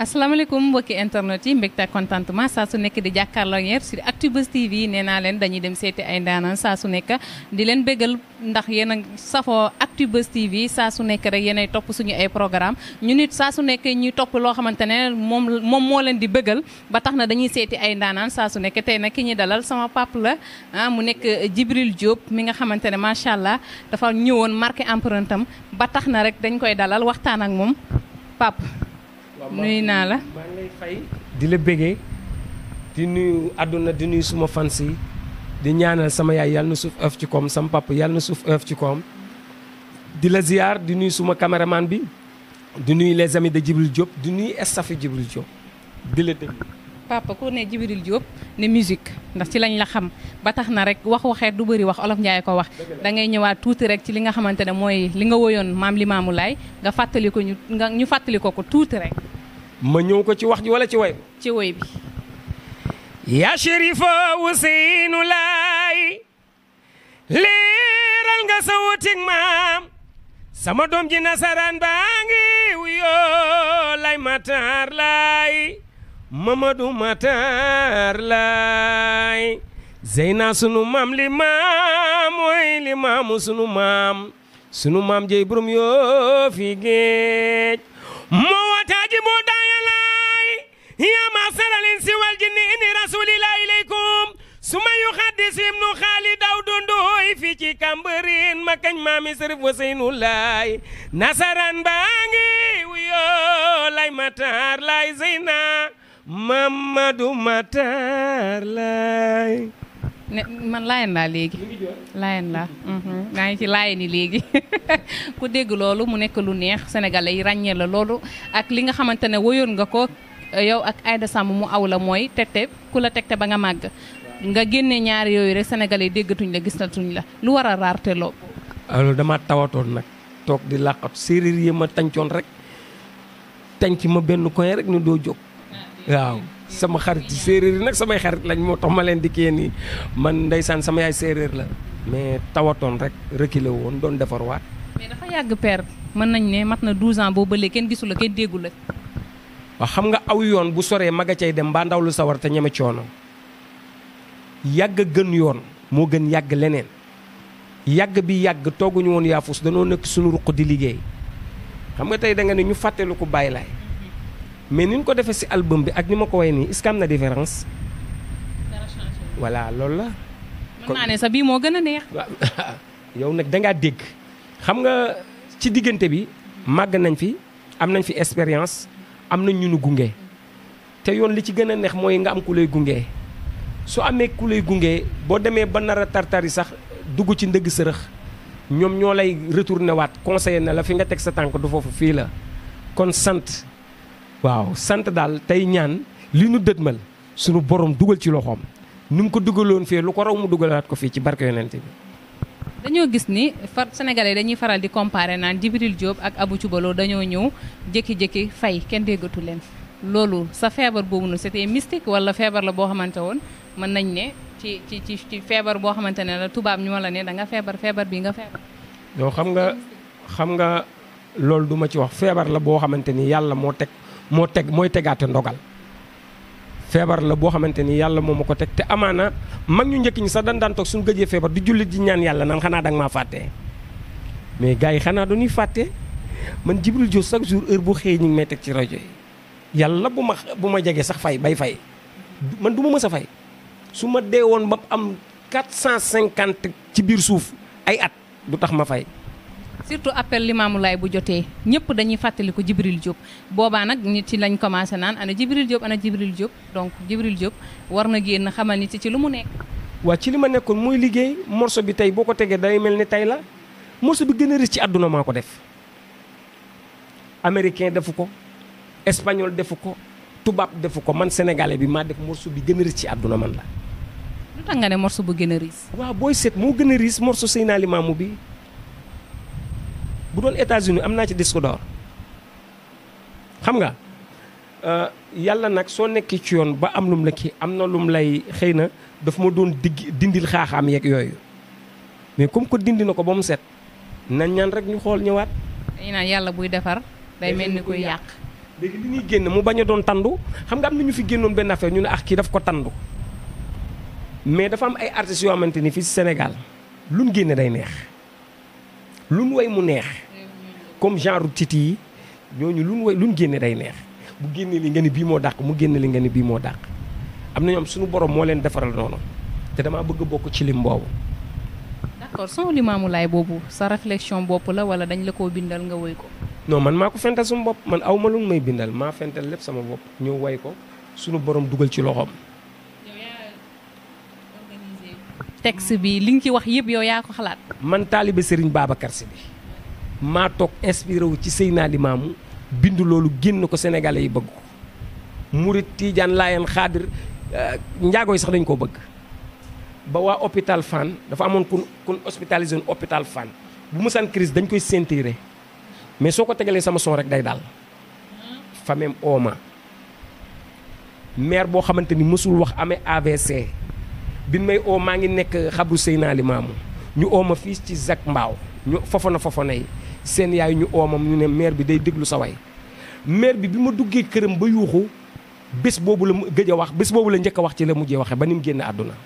asalaamaaleykum mbokki internet yi mbégte ak contentement saa su nekk di jàkkaarloo yeer si Actubuzz TV nee naa leen dañuy dem seeti ay ndaanaan saa su nekk di leen bégal ndax yéen a safoo Actubuzz TV saa su nekk rek yéenay topp suñu ay programme ñu nit saa su nekk ñuy topp loo xamante ne moom moom moo leen di bëggal ba tax na dañuy seeti ay ndaanaan saa su nekk tey nag ki ñuy dalal sama pap la ah mu nekk Djibril Diop mi nga xamante ne macha allah dafa ñëwoon marqué empreinte am ba tax na rek dañ koy dalal waxtaan ak moom nuyu naa la maa ngi fay di la bëggee di nuyu àdduna di nuyu suma fans di ñaanal sama yaay yàlla na suuf oyof ci koom sama papa yàlla na suuf oyof ci koom di la ziar di nuyu suma caméraman bi di nuyu les amis de Djibril Diop di nuyu estafu Djibril Diop di la déglu papa ku ne Jibril Diop ne musique ndax ci lañ la xam ba tax na rek wax waxeet du bëri wax olof Njaay ko wax dangay ñëwaat tuuti rek ci li nga xamante ne mooy li nga woyoon maam Limaamu Laay nga fàttali ko ñu ñu fàttali ko ko tuuti rek ma ñëw ko ci wax ji wala ci woy ci woy bi yaa shérifa Useynu Laay leeral nga sa wutig maam sama doom ji nasaraan baa ngi wuyoo lay mataar laay Mamadou Matar laay Zeyna sunu mam li maam mooy li maamu sunu maam sunu maam jey burum yoo fi géej moo wataaji boo daaya laay yaa ma salalin si wal jinni inni rasulillahi ilaykum suma yu xaddis ibnu xaali daw dondooy fii ci Cambérène ma kañ maami sërif waseynu laay nasaraan baa ngi wuyoo lay Matar laay Zeyna Mamadou Matar Laye. ne man laayeen laa léegi. laayeen laa. Mhm. maa ngi ci laayeen yi léegi ku dégg loolu mu nekk lu neex sénégalais yi ràññee la loolu ak li nga xamante ne woyoon nga ko yow ak Aïda Samb mu aw la mooy tegte ku la tegte ba nga màgg. nga génne ñaari yooyu rek sénégalais déggatuñ la gis gisatuñ la lu war a raarte loo. alors damaa tawatoon nag toog di làqatu séeréer yi ma tàncoon rek tànc ma benn coin rek ñu doo jóg. waaw sama xarit séeréer yi nag samay xarit lañ moo tax ma leen di kii nii man ndeysaan sama yaay séeréer la mais tawatoon rek reculé woon doon defar waat mais dafa yàgg père mën nañ ne mat na 12 ans boo bëlee kenn gisu la kenn déggu la waaw xam nga aw yoon bu soree mag a cay dem mbaa ndaw lu sawar te ñeme coono yàgg gën yoon moo gën yàgg leneen yàgg bi yàgg tooguñu woon yaafus danoo nekk suñu ruq di liggéey xam nga tey da nga ne ñu fàttelu ko bàyyi mais ni ko defee si album bi ak ni ma ko way nii est na différence. voilà loolu la. kon mën ne sa bii moo gën a neex. yow nag dangaa dégg xam nga ci diggante bi màgg nañ fi am nañ fi expérience am nañ ñunu gunge te yoon li ci gën a neex mooy nga am ku gunge su amee ku gunge boo demee ba nara tartari sax dugg ci ndëgg sërëx ñoom ñoo lay retourné waat conseillé na la fi nga teg sa tànk du foofu fii la kon sant. waaw sant daal tey ñaan li nu dëdmal sunu borom dugal ci loxoom ni mu ko dugaloon fii lu ko raw mu dugalaat ko fii ci barke yonent bi. dañoo gis ni far sénégalais dañuy faral di comparer naan Djibril Diop ak Abou Thioubalo dañoo ñëw jékki-jékki fay kenn déggatu leen loolu sa feebar boobu na c'était mystique wala feebar la boo xamante woon mën nañ ne ci ci ci ci feebar boo xamante ne la tubaab ñoo la ne da nga feebar feebar bii nga feebar. yow xam nga xam nga loolu duma ci wax feebar la boo xamante ni yàlla moo teg. moo teg mooy tegaate ndogal feebar la boo xamante ni yàlla moo ma ko teg te amaana mag ñu njëkk ñi sax dañ daan toog suñu gëjee feebar di jullit di ñaan yàlla naan xanaa danga maa fàtte mais gars yi xanaa dañuy fàtte man Jibril Diop chaque jour heure bu xëyee ñu ngi may teg ci rajo yi yàlla bu ma bu ma jegee sax fay bay fay man du ma mës a fay su ma dee woon ba am 450 ci biir suuf ay at du tax ma fay surtout appel Limaamu Laay bu jotee ñëpp dañuy fàttaliku Jibril Diop boobaa nag nit ci lañ commencé naan ana Jibril Diop ana Jibril Diop donc Jibril Diop war na génn xamal ni ci ci lu mu nekk. waa ci li ma nekkoon mooy liggéey morso bi tey boo ko tegee day mel ni tey la morso bi gën a riche ci àdduna maa ko def américain defu ko espagnol defu ko tubaab defu ko man sénégalais bi maa def morso bi gën a riche ci àdduna man la. lu tax nga morso bu gën a riche. waaw booy seet moo gën a riche morso Seydina Limaamu bi. bu doon États-Unis am naa ci disque d'or xam nga euh, yàlla nag soo nekkee ci yoon ba am lum la ki am na lum lay xëy na dafa ma doon digg dindil xaaxaam yeeg yooyu mais comme que dindi na ko ba mu set nañ ñaan rek ñu xool ñëwaat. dañu naan yàlla buy defar day mel ni kuy yàq. léegi li ñuy génn mu bañ a doon tàndu xam nga am na ñu fi génnoon benn affaire ñu ne ax ah kii daf ko tandu mais dafa am ay artistes yoo xamante ni fii ci Sénégal luñ génne day neex luñ way mu neex. comme genre titi yi ñooñu lu ñu lu ñu génne day neex bu génne li nga ni bii moo dàq mu génne li nga ni bii moo dàq am na ñoom suñu boroom moo leen defaral noonu te damaa bëgg bokk ci lim boobu. d'accord son limaamu boobu sa réflexion bopp la wala dañ la koo bindal nga woy ko. non man maa ko fental sama bopp man aw ma lu may bindal maa fental lépp sama bopp ñëw woy ko suñu boroom dugal ci loxoom. texte bi li nga ci wax yëpp yow yaa ko xalaat. man taalibe Serigne Babacar bi. maa toog inspiré wu ci Seydina Limaamu bindu loolu génn ko sénégalais yi bëgg ko murit tiijaan laayeen xaadir euh, njaago yi sax dañu ko bëgg ba waa hôpital Fann dafa amoon kun kun hospitalisé woon hôpital bu musaan crise dañ koy sentiré mais soo ko tegalee sama son rek day daal famem ooma maire boo xamante ni mësul wax amee AVC bin may oo maa ngi nekk xabru Seydina Limaamu ñu ooma fii ci ZAC Mbao ñu fofona fofona yi seen yaay ñu oomam ñu ne maire bi day déglu sa way maire bi bi ma duggee këram ba yuuxu bés boobu la gëj a wax bés boobu la njëkk a wax ci la mujjee waxee ba ni génn àdduna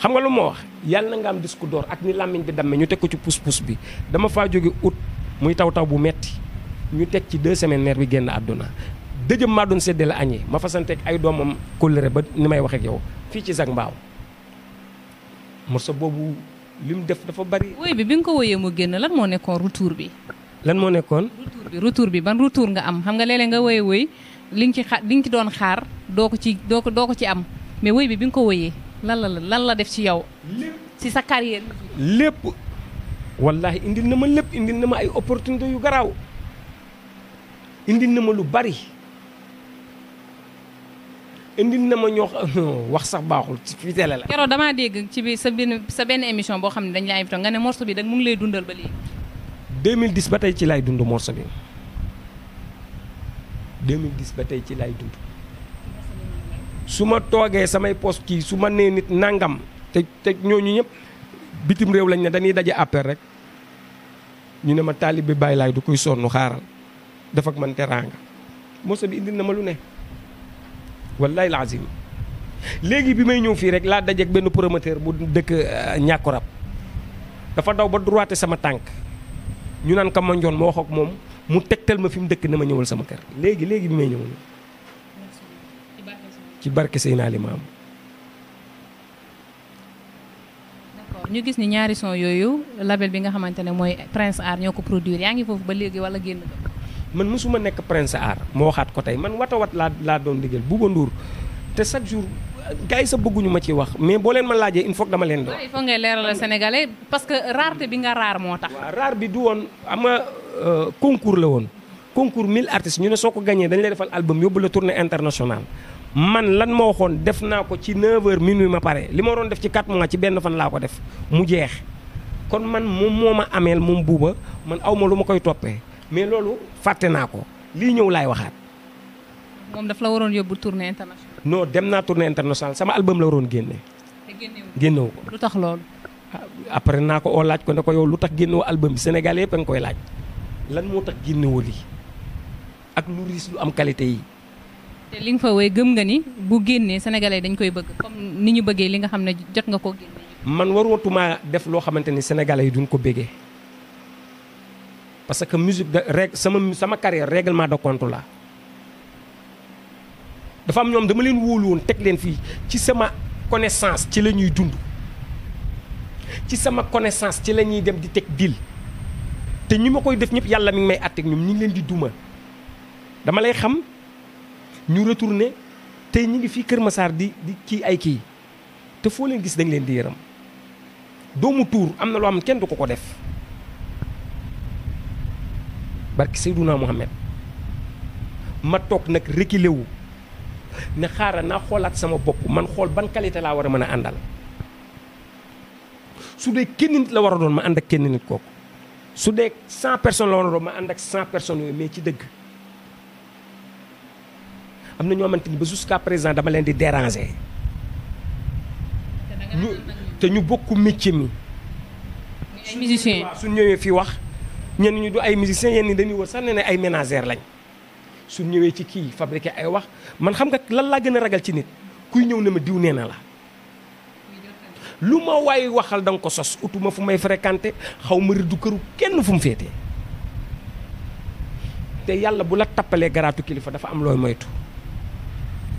xam nga lu ma wax yàlla na nga am disque door ak ni làmmiñ bi damme ñu teg ko ci pus-pus bi dama faa jóge ut muy taw taw bu metti ñu teg ci deux semaines maire bi génn àdduna dëjëm maa doon séddale añee ma fasanteeg ay doomam kóllëre ba ni may wax ak yow fii ci Zac mbaaw li mu def dafa bari. woy bi bi nga ko woyee mu génn lan moo nekkoon retour bi. lan moo nekkoon. retour bi ban retour nga am xam nga léeg nga woyee woy li nga ci xa li nga ci doon xaar doo ko ci doo ko doo ko ci am mais woy bi bi nga ko woyee lan la lan la def ci yow. ci sa carrière. lépp wallahi indil na ma lépp indil na ma ay opportunité yu garaaw indi na ma lu bari. indi na ma ñoo wax sax baaxul ci télé la. keroog damaa dégg ci bi sa benn sa boo xam ne dañ laa invité nga ne morceau bi nag mu ngi lay dundal ba léegi. 2010 ba tey ci laay dund morceau bi 2010 ba tey ci lay dund su ma toogee samay post kii su ma nee nit nangam te te ñooñu ñëpp bitim réew lañ ne dañuy daje appel rek ñu ne ma taalib bi bàyyi laay du koy sonn xaaral def ak man teraanga morceau bi indi na ma lu ne. wallaay laazim léegi bi may ñëw fii rek laa dajeek benn promoteur bu dëkk euh, rab dafa daw ba droité sama tànk ñu naan ka manjoon ma wax ak moom mu tegtal ma fi mu dëkk ne ma ñëwal sama kër léegi léegi bi may ñëw ci barke Seydina Limaamu ñu gis ni ñaari son yooyu label bi nga xamante ne mooy Prince Art ñoo ko produire yaa ngi foofu ba léegi wala génn man mësuma nekk prince aar moo waxaat ko tey man wata watawat laa laa doon liggéeyal Bouba Ndour te chaque jour gars yi sa bëgguñu ma ciy wax mais boo leen ma laajee il faut dama leen doon. il ngay leeral Sénégalais parce que rareté bi nga raar moo tax. raar bi du woon ama nga euh, concours la woon concours 1000 artistes ñu ne soo ko gañee dañu lay defal album yóbbu la tournée internationale. man lan ma waxoon def naa ko ci 9h minuit ma pare li ma waroon def ci 4 mois ci benn fan laa ko def mu jeex kon man moom moo ma ameel moom buuba man aw ma lu ma koy toppee. mais loolu fàtte naa ko lii ñëw laay waxaat. moom daf la waroon yóbbu tournée internationale. noo dem naa tournée internationale sama album la waroon génne. te génnewu ko lu tax loolu. Ah, après naa ko oo laaj ko ne ko yow lu tax génnewoo album bi Sénégal yëpp a nga koy laaj lan moo tax génnewu li ak lu riis lu am qualité yi. te li nga fa woy gëm nga ni bu génnee sénégalais dañ koy bëgg comme ni ñu bëggee li nga xam ne jot nga ko génne. man warutumaa def loo xamante ni sénégalais yi duñ ko bëggee. parce que musique de règle sama sama carrière règlement de compte la dafa am ñoom dama leen wóolu teg leen fii ci sama connaissance ci la ñuy dund ci sama connaissance ci la ñuy dem di teg dil te ñi ma koy def ñëpp yàlla mi ngi may àtteeg ñoom ñu ngi leen di duma dama lay xam ñu retourné tey ñu ngi fii Kër masaar di di kii ay kii te foo leen gis dañ leen di yërëm doomu tuur am na loo xam ne kenn du ko ko def. barki Seydouna Mohamed ma toog nag reculé wu ne xaaral naa xoolaat sama bokk man xool ban qualité laa war a mën a àndal su dee kenn nit la war a doon ma ànd ak kenn nit kooku su dee cent personnes la war a doon ma ànd ak cent personnes yooyu mais ci dëgg am na ñoo xamante ni ba jusqu'à président dama leen di déranger. ñu te ñu bokku métier mi. musicien suñ ñëwee fii wax. ñenn ñu du ay musiciens yenn ñi dañuy wër sax ne ne ay ménagères lañ su ñëwee ci kii fabriqué ay wax man xam nga lan laa gën a ragal ci nit kuy ñëw ne ma diw nee na la. lu ma waay waxal da ko sos utuma fu may fréquenté xaw ma rëddu këru kenn fu mu féetee te yàlla bu la tappalee garaatu kilifa dafa am looy moytu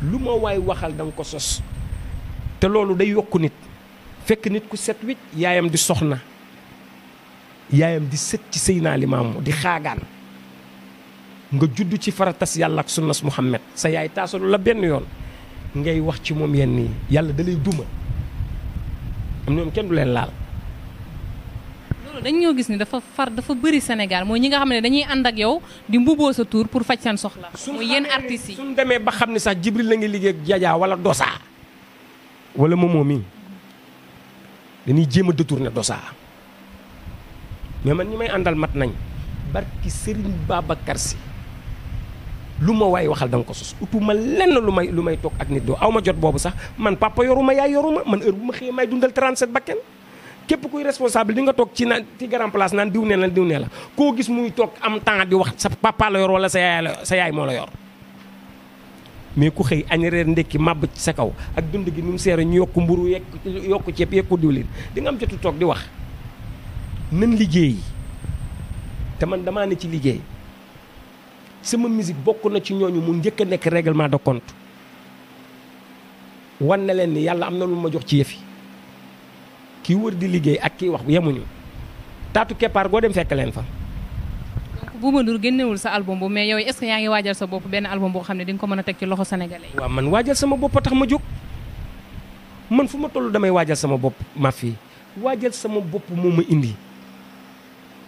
lu ma waay waxal da ko sos te loolu day yokk nit fekk nit ku set wicc yaayam di soxna. yaayam di sët ci Seydina Limaamu di xaagaan nga judd ci faratas yàlla ak sunnas Muhammad sa yaay taasalu la benn yoon ngay wax ci moom yenn nii yàlla da lay duma am ñoom kenn du leen laal. loolu dañ ñoo gis ni dafa far dafa bëri Sénégal mooy ñi nga xam ne dañuy ànd ak yow di mbuboo sa tuur pour faj seen soxla. muy yenn artistes yi suñ demee ba xam ne sax Jibril la ngi liggéey ak Jaja wala Dosa. wala Momo mi dañuy jéem a détourné dosaa mais man ñi may àndal mat nañ barki Serigne Babacar Sy lu ma waay waxal da nga ko sos utuma lenn lu may lu may toog ak nit doo aw ma jot boobu sax man papa yoruma yaay ma man heure bu ma xëyee may dundal 37 bakken képp kuy responsable di nga toog ci naan ci grand place naan diw ne la diw ne la koo gis muy toog am temps di wax sa papa la yor wala sa yaay la sa yaay moo la yor mais ku xëy añ reer ndekki màbb ci sa kaw ak dund gi nu ñu yokk mburu yekk yokk ceeb yekku diwlin di nga am jotu toog di wax nan liggéey te man damaa ne ci liggéey sama musique bokk na ci ñooñu mu njëkk nekk règlement de compte wan na leen ni yàlla am na lu ma jox ci yëf kii wër di liggéey ak kii wax yemuñu taatu keppaar goo dem fekk leen fa. Bouba Ndour génnewul sa album bu mais yow est-ce yaa ngi waajal sa bopp benn album boo xam ne di nga ko mën a teg ci loxo sénégalais yi. waaw man waajal sama bopp a tax ma jóg man fu ma toll damay waajal sama bopp ma fii waajal sama bopp moo ma indi.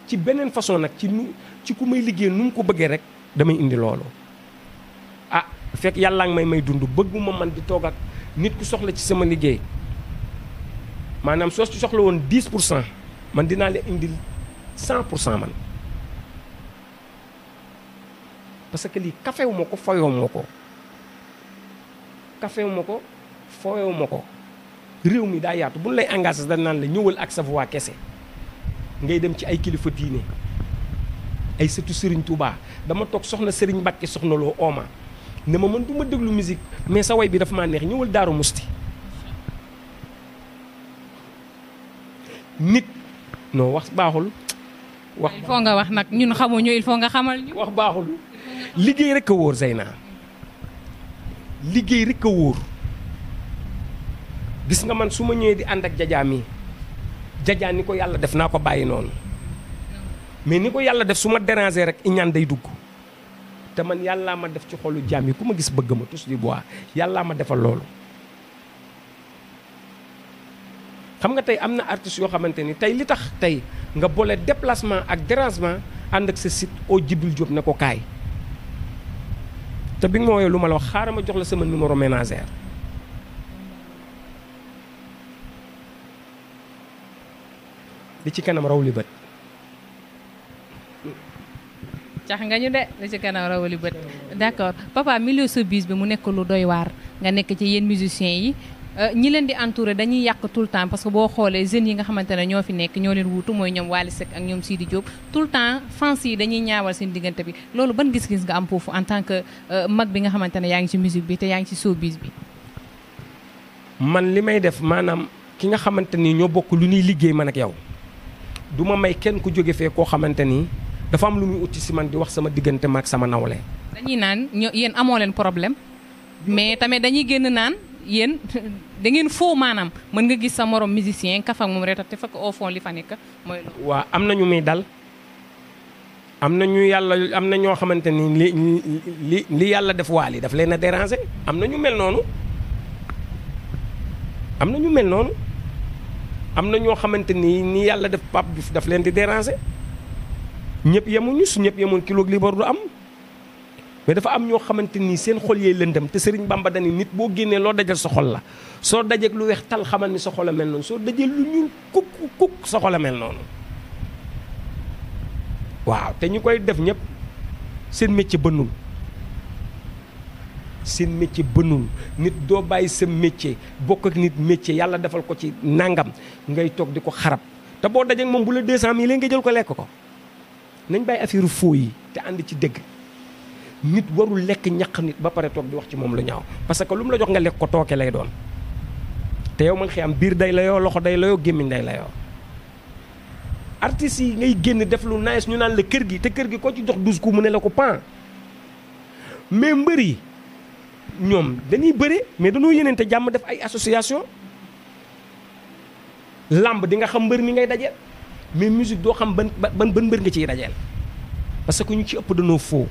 ci beneen façon nag ci nu ci ku may liggéey nu mu ko bëggee rek damay indi loolu ah fekk yàllaa ngi may may dund ma man di toog ak nit ku soxla ci sama liggéey maanaam soo ci soxla woon 10 pour cent man dinaa la indil 100 pour cent man parce que lii kafewu ma ko foyow ko kafewu ko foyow ma ko réew mi daa yaatu bu ñu lay engagé dañ naan la ñëwal ak sa voix kese ngay dem ci ay kilifa diine ay sëtu Serigne tubaa dama toog soxna sëriñ Mbacke soxna loo ooma ne ma man du déglu musique mais sa way bi dafa ma neex ñëwal Daaru Musti nit non wax baaxul. wax il nga wax nag ñun xamuñu il faut nga xamal ñu. wax baaxul liggéey rek a wóor Zeyna liggéey rek a wóor gis nga man su ma ñëwee di ànd ak jajaam yi jajaan ni ko yàlla def naa ko bàyyi noonu mais ni ko yàlla def su ma déranger rek iñaan day dugg te man yàllaa ma def ci xolu jaam yi ku ma gis bëgg ma tous di bois yàllaa ma defal loolu xam nga tey am na artistes yoo xamante ni tey li tax tey nga boole déplacement ak dérangement ànd ak sa site oo jibil jóob ne ko kaay te bi nga ma woowee lu ma la wax xaaral ma jox la sama numéro ménagère li raw li bët. cax nga ñu de li ci kanam raw li bët d'accord papa milieu showbiz bi mu nekk lu doy waar nga nekk ci yéen musiciens yi. Euh, ñi leen di entouré dañuy yàq tout le temps parce que boo xoolee jeunes yi nga xamante ne ñoo fi nekk ñoo leen wuutu mooy ñoom Wally Seck ak ñoom Sidi Diop tout le temps fans yi dañuy ñaawal seen diggante bi loolu ban gis-gis nga am foofu en tant que euh, mag bi nga xamante ne yaa ngi ci musique bi te yaa ngi ci showbiz bi. man li may def maanaam ki nga xamante ni ñoo bokk lu ñuy liggéey man ak yow du ma may kenn ku jóge fee koo xamante ni dafa am lu muy utti si man di wax sama diggante maak sama nawle. dañuy naan ñoo yéen amoo leen problème mais tamit dañuy génn naan yéen da ngeen foo maanaam mën nga gis sa morom musicien kafa moom reetat te fekk au fond li fa nekk mooy. waa am na ñu muy dal am na ñu yàlla am na ñoo xamante ni li li li yàlla def waali daf leen a déranger am na ñu mel noonu am na ñu mel noonu. am na ñoo xamante ni ni yàlla def Pape Diouf daf leen di déranger ñëpp yemuñu su ñëpp yemoon kilo ak liibar du am mais dafa am ñoo xamante ni seen xol yee lëndëm te Serigne Bamba dani nit boo génnee loo dajal sa xol la soo dajeek lu weex tal xamal ni sa xol a mel noonu soo dajee lu ñuul kukk sa xol a mel noonu waaw te ñu koy def ñëpp seen métier bënnul seen métier bënul nit doo bàyyi sa métier bokk ak nit métier yàlla defal ko ci nangam ngay toog di ko xarab te boo dajee moom bu la 200000 léegi nga jël ko lekk ko nañ bàyyi affaire foo yi te ànd ci dëgg nit warul lekk ñaq nit ba pare toog di wax ci moom lu ñaaw parce que lu mu la jox nga lekk ko tooke lay doon te yow man xëy am biir day la yoo loxo day la yoo gémmiñ day la yoo artistes yi ngay génn def lu nice ñu naan la kër gi te kër gi ko ci jox douze coups mu ne la ko pan mbër yi ñoom dañuy bëre mais dañoo yéeneente jàmm def ay association làmb di nga xam mbër mi ngay dajeel mais musique doo xam ba ban ban mbër nga ciy dajeel parce que ñu ci ëpp dañoo foo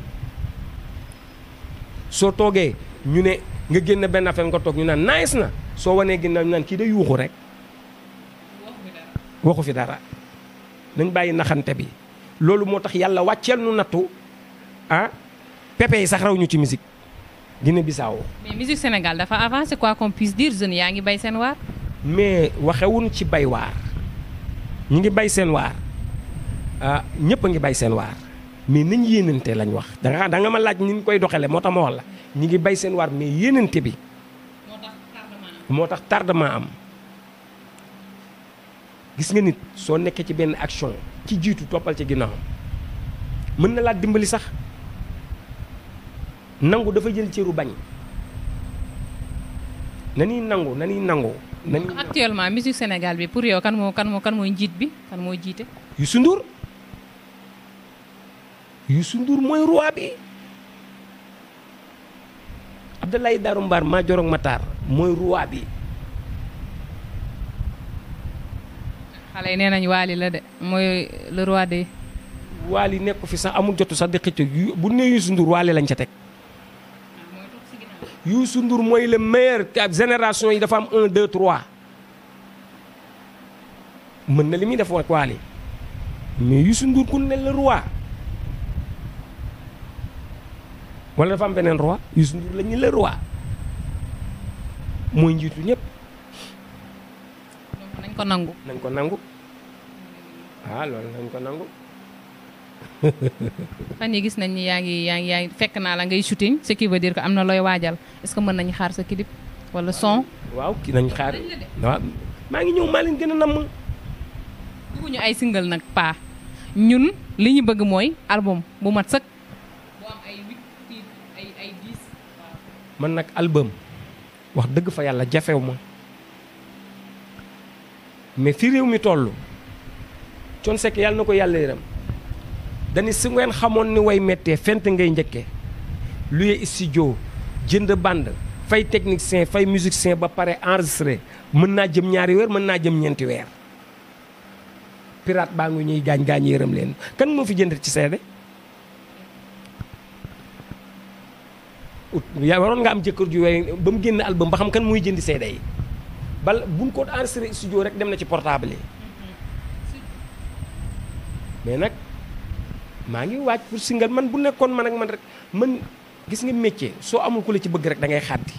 soo toogee ñu ne nga génn benn affaire nga toog ñu naan nice na soo wanee ginnaaw ñu naan kii day yuuxu rek waxu fi dara dañ bàyyi naxante bi loolu moo tax yàlla wàcceel nu nattu ah pepe yi sax raw ñu ci musique Guinée Bissau. mais musique Sénégal dafa avancé quoi qu'on puisse dire jeunes yaa ngi bay seen waar. mais waxewuñ ci bay waar ñu ngi bay seen waar ah ñëpp a ngi bay seen waar mais nañ yéenante lañu wax da nga da nga ma laaj ni ñu koy doxalee moo tax ma wax la ñu ngi bay seen waar mais yéenante bi. moo tax tardement am gis nga nit soo nekkee ci benn action ci jiitu toppal ci ginnaaw mën na laa dimbali sax. nangu dafa jël cëru bañ na ñuy nangu na ñuy nangu. na ñuy actuellement musique senegal bi pour yow kan moo kan moo kan mooy njiit bi kan mooy jiite. Youssou Ndour yu Ndour mooy roi bi Abdoulaye Darou Mbar maa jorog Matar mooy roi bi. xale yi nee nañ Waali la de mooy le roi de. Waali nekk fi sax amul jotu sax di xëcc bu nee Youssou Ndour Waali lañ ca teg. Youssou Ndour mooy le meilleur génération yi dafa am un deux trois mën na li muy def ak Wally mais Youssou Ndour ku ne le roi wala dafa am beneen roi Youssou Ndour la ñu le mooy njiitu ñëpp. nañ ko nangu nañ ko nangu ah loolu nañ ko nangu. fan yi gis nañ ni yaa ngi yaa ngi yaa ngi fekk naa la ngay shooting ce qui veut dire am na looy waajal est-ce que mën nañu xaar sa clip wala son. waaw kii nañu xaar maa ngi ñëw maa leen gën a namm. ñu ay singal nag paa ñun li ñu bëgg mooy album bu mat sëkk. mën nag album wax dëgg fa yàlla jafew ma mais fi réew mi toll. coon Seck yàlla na ko yàlla yaram dañu su ngeen xamoon ni way mettee fent ngay njëkkee luye studio jënd bande fay technicien fay musicien ba pare enregistré mën naa jëm ñaari weer mën naa jëm ñeenti weer pirate baa ngi ñuy gaañ gaañ yërëm leen kan moo fi jënd ci seede yaa waroon nga am jëkkër ju wey ba mu génn album ba xam kan muy jëndi seede yi bal buñ ko enregistré studio rek dem na ci portable yi mm-hmm. mais nag maa ngi waaj pour single man bu nekkoon man ak man rek man gis nga métier soo amul ku la ci bëgg rek da ngay xàddi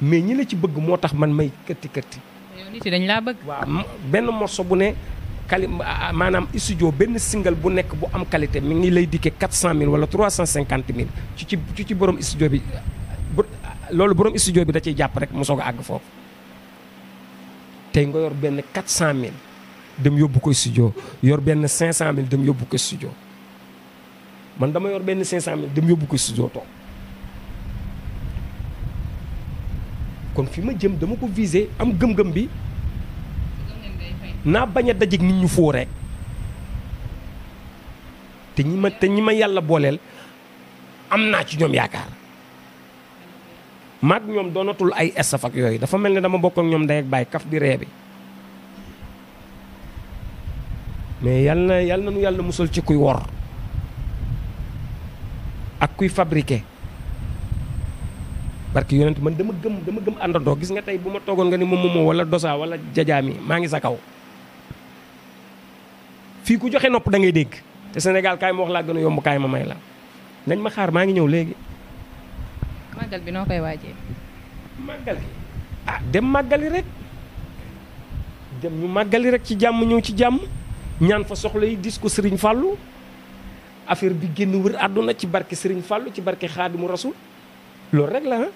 mais ñi la ci bëgg moo tax man may kërti kërti. yow nit dañ laa bëgg. waaw benn morceau bu ne quali maanaam studio benn single bu bu am qualité mi ngi lay dikkee 400000 wala 350000 ci ci ci ci borom studio bi loolu borom studio bi da ciy jàpp rek mu soog a àgg foofu tey nga yor benn 400000 dem yóbbu ko studio yor benn 500000 dem yóbbu ko studio. man dama yor benn 500000 dem yóbbu ko studio toog kon fi ma jëm dama ko visé am gëm-gëm bi naa bañ a dajeeg nit ñu foo rek te ñi ma te ñi ma yàlla booleel am naa ci ñoom yaakaar maag ñoom doonatul ay estaf ak yooyu dafa mel ne dama bokk ñoom ndey ak baay kaf di ree bi mais yàlla na yàlla na nu yàlla musal ci kuy wor. ak kuy fabriqué parce que man dama gëm dama gëm àndandoo gis nga tey bu ma toogoon nga ni moom moomoo wala dosa wala jajaa mi maa ngi sa kaw fii ku joxe nopp da ngay dégg te Sénégal kaay ma wax laa gën a yomb kaay ma may la nañ ma xaar maa ngi ñëw léegi. màggal bi noo koy waajee. màggal gi ah dem màggali rek dem ñu màggali rek ci jàmm ñëw ci jàmm ñaan fa soxla yi dis ko sëriñ Fallou. affaire bi génn wër àdduna ci barke Serigne Fallou ci barke Xaadimu Rasul loolu rek la ah.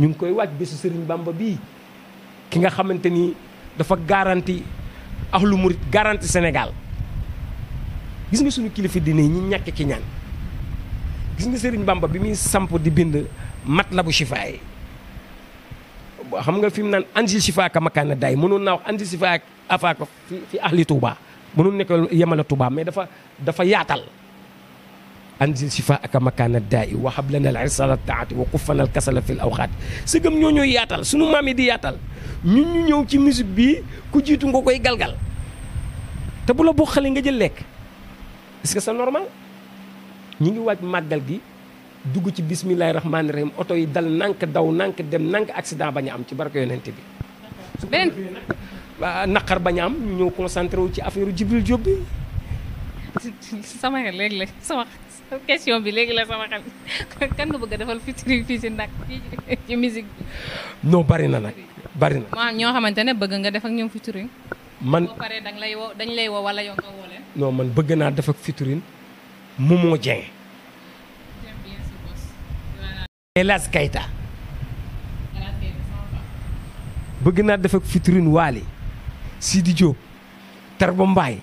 ñu ngi koy waaj bésu Serigne Bamba bi ki nga xamante ni dafa garanti ahlu murit garanti Sénégal gis nga suñu kilifa dina ñi ñàkk ki ñaan gis nga sëriñ Bamba bi muy samp di bind Matlabu Chifa yi xam nga fi mu naan anjil Chifa ka makaana day mënoon naa wax anjil Chifa afaako fi fi ahli Touba. mënul nekk yemale Touba mais dafa dafa yaatal anzil shifa aka makaana daa'i wa hablana al isala taati wa kuffana al kasala fil awqaat sëgëm ñoo ñooy yaatal suñu maam yi di yaatal ñun ñu ñëw ci musique bi ku jiitu nga koy galgal te bu la boo xale nga jël lekk est-ce que c'est normal ñu ngi waaj màggal gi dugg ci bismillahi rahmaani rahim oto yi dal nank daw nank dem nank accident ba ñu am ci barke yonent bi naqar bañ am ñu ñëw concentré wu ci affaire Djibril Diop bi. sama xel léegi la sama question bi léegi la sama xel kan nga bëgg a defal featuring fii si nag ci musique bi. non bari na nag bari na. waaw ñoo xamante ne bëgg nga def ak ñoom featuring. man boo paree dañ lay woo dañ lay woo wala yow nga woo leen. man bëgg naa def ak featuring Momo Dieng. Elas bëgg naa def ak featuring Wally Sidi Diop Tarba Mbaay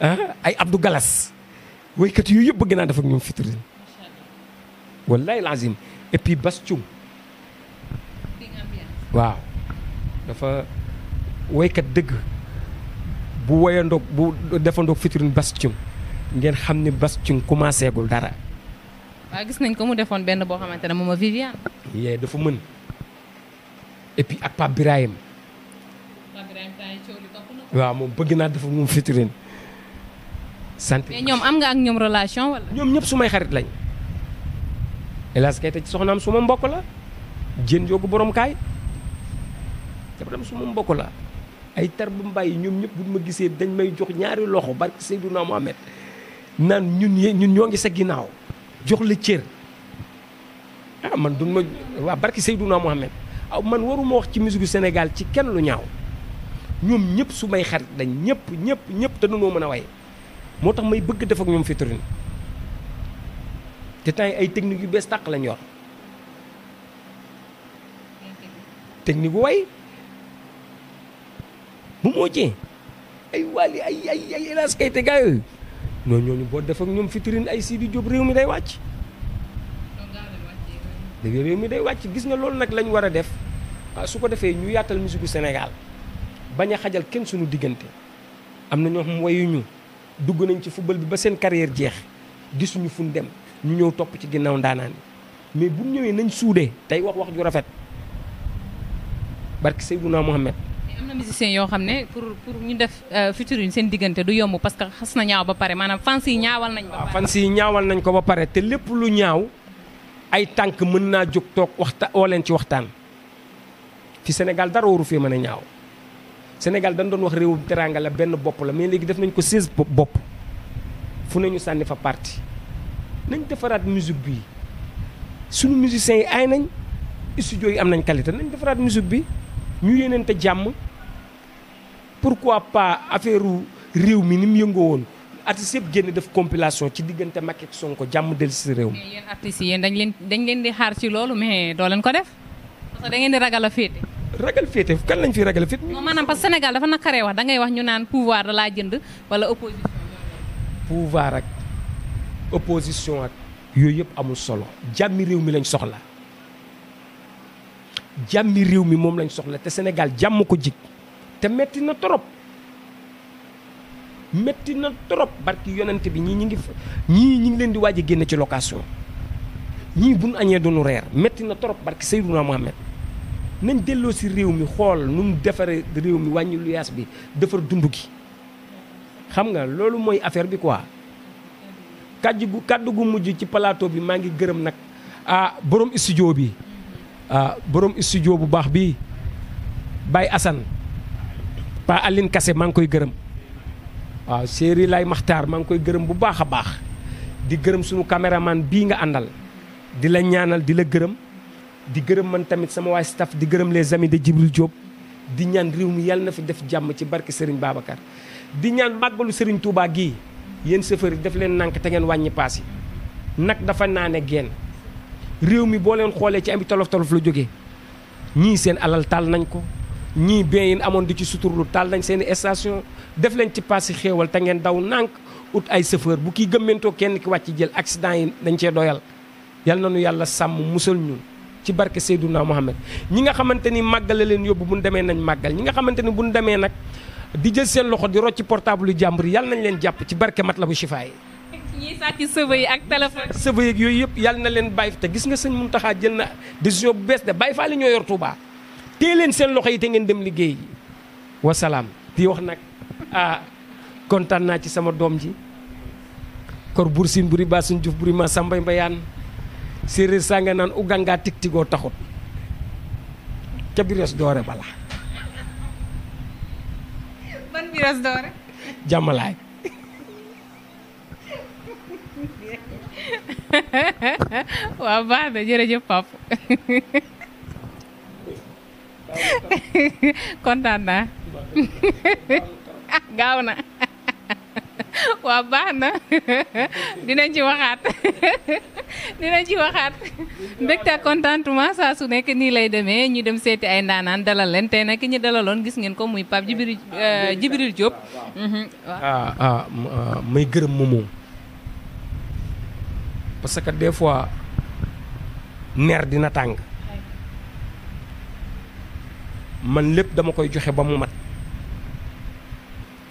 ah ay Abdou Galas woykat yooyu yëpp bëgg naa def ak ñoom fitri wallaay lazim et puis Bass waaw dafa woykat dëgg bu woyandoog bu defandoog fitrin Bass Thioung ngeen xam ni Bass Thioung commencé gul dara. waa gis nañ ko mu defoon benn boo xamante ne moom a Viviane. yee dafa mën et puis ak Pape Birahim waaw moom bëgg naa dafa moom vitrine. sant mais ñoom am nga ak ñoom relation wala. ñoom ñëpp sumay xarit lañ. hélas kay te soxnaam su ma mbokk la jën joogu borom kaay jabaram su ma mbokk la ay tar bu mbàyyi ñoom ñëpp bu ma gisee dañ may jox ñaari loxo barke Seydina Mohamed naan ñun yee ñun ñoo ngi sa ginnaaw jox la cër ah man duñ ma waa barke Seydina Mohamed aw man waruma wax ci musique Sénégal ci kenn lu ñaaw. ñoom ñëpp su may xarit dañ ñëpp ñëpp ñëpp te danoo mën a way moo tax may bëgg def ak ñoom featuring te temps yi ay technique yu bees tàq lañ yor technique bu way bu moo ci ay wàlli ay ay ay kay te gars yooyu noonu ñooñu boo def ak ñoom featuring ay Sidi jóob réew mi day wàcc dëgg réew mi day wàcc gis nga loolu nag lañu war a def waaw ah, su ko defee ñu yaatal musique gu Sénégal bañ a xajal kenn suñu diggante am na ñoo xam wayuñu dugg nañ ci fubal bi ba seen carrière jeex gisuñu fuñ dem ñu ñëw topp ci ginnaaw ndaanaan mais bu ñëwee nañ suudee tey wax wax ju rafet barki Seydouna Mohamed. am na musiciens yoo xam ne pour pour ñu def euh, featuring seen diggante du yomb parce que xas na ñaaw ba pare maanaam fans yi ñaawal nañ. ba ah, pare fans yi ñaawal nañ ko ba pare te lépp lu ñaaw ay tànk mën naa jóg toog waxta oo leen ci waxtaan fi Sénégal dara waru fee mën a ñaaw. Sénégal dañ doon wax réewum teranga la benn bopp la mais léegi def nañ ko 16 bopp fu ne ñu sànni fa parti nañ defaraat musique bi suñu musiciens yi ay nañ studio yi am nañ qualité nañ defaraat musique bi ñu te jàmm pour quoi pas affaire réew mi ni mu yëngoo woon artistes yëpp génn def compilation ci diggante Macky sonk jàmm dell si réew mi. mais dañ leen dañ leen di xaar ci loolu mais doo leen ko def parce que da ngeen di ragal a féete. ragal féete kan lañ fi ragal féete. moom maanaam parce que dafa nakaree wax da ngay wax ñu naan pouvoir da laa jënd wala opposition. pouvoir ak opposition ak yooyu yëpp amul solo jàmmi réew mi lañ soxla jàmmi réew mi moom lañ soxla te Sénégal jàmm ko jig te metti na trop metti na torop barki yonent bi ñii ñi ngi ñii ñi ngi leen di waaj a génn ci location ñii buñ añee doonu reer metti na trop barki Seydouna Mohamed nañ delloo si réew mi xool nu mu defaree réew mi wàññi lu yaas bi defar dund gi xam nga loolu mooy affaire bi quoi kàjj gu kàdd gu mujj ci palaato bi maa ngi gërëm nag ah borom studio bi ah borom studio bu baax bi Baye Assane Pa Aline Kassé maa ngi koy gërëm waaw séeri lay maxtaar maa ngi koy gërëm bu baax a baax di gërëm sunu caméraman bii nga àndal di la ñaanal di la gërëm di gërëm man tamit sama waay staff di gërëm les amis de Djibril Diop di ñaan réew mi yàlla na fi def jàmm ci barke Serigne Babacar di ñaan màggalu Serigne Touba gii yéen chauffeur yi daf leen nànk te ngeen wàññi paas yi nag dafa naane geen réew mi boo leen xoolee ci ami tolof-tolof la jóge ñii seen alal taal nañ ko ñii bien yéen amoon di ci suturlu taal nañ seen station def leen ci paas yi xéewal te ngeen daw nànk ut ay chauffeur bu kii gëmmentoo kenn ki wàcc jël accident yi dañ cee doyal yal na yàlla sàmm musal ñun ci barke Seydouna Mohamed ñi nga xamante ni màggale leen yóbbu bu ñu demee nañ màggal ñi nga xamante ni bu ñu demee nag di jël seen loxo di rocci portable yu jàmbur yal nañ leen jàpp ci barke Matlabu Chifa yi. ñiy sàcc sëba yi ak téléphone. sëba yeeg yooyu yëpp yal na leen bàyyi te gis nga sëñ Mountakha jël na décision bu bees de bàyyi faale ñoo yor Touba téye leen seen loxo yi te ngeen dem liggéey yi wasalaam di wax nag ah kontaan naa ci sama doom ji kor buur siin buri baa suñ juf buri ma sambay mbayaan séeréer saa nga naan uganga tigtigoo taxut ca bires doore bala ban bires baax na jërëjëf pap kontaan naa gaaw na waaw baax na dinañ ci waxaat dinañ ci waxaat mbégte ak contentement saa su nekk nii lay demee ñu dem seeti ay ndaanaan dalal leen tey nag ki ñu dalaloon gis ngeen ko muy Pape Djibril ah, euh, Djibril Diop. ah mhm, ah, ah euh, may gërëm moomu parce que des fois ner dina tàng man lépp dama koy joxe ba mu mat.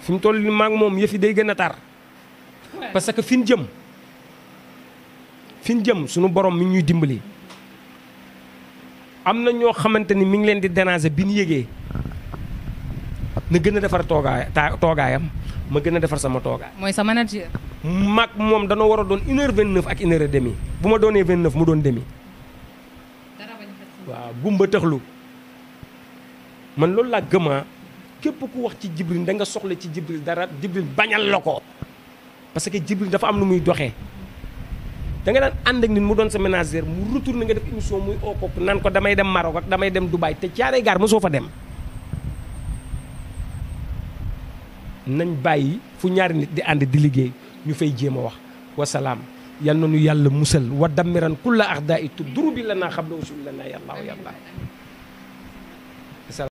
fi mu toll nii maag moom yëf yi day gën a tar parce que fi ñu jëm fi ñu jëm sunu borom mi ñuy dimbali am na ñoo xamante ni mi ngi leen di déranger bi nu yégee na gën a defar toogaay toogaayam ma gën a defar sama toogaay. mooy sa manager. maag moom danoo war a doon une heure vingt neuf ak une heure et demi bu ma doonee vingt neuf mu doon demi. waaw gumba taxlu man loolu laa gëmaa ah. képp ku wax ci Jibril danga nga soxla ci Jibril dara Jibril bañal la ko parce que Jibril dafa am lu muy doxee da nga daan ànd ak nit mu doon sa ménagère mu na nga def émission muy oo kopp nan ko damay dem Maroc ak damay dem Dubaï te caaree gaar mosoo fa dem nañ bàyyi fu ñaari nit di ànd di liggéey ñu fay jéem a wax wasalaam yal na nu yàlla musal wa damiran kulla axdaa i tudduru la naa xam ne usul la naa yàllaaw yàllaaw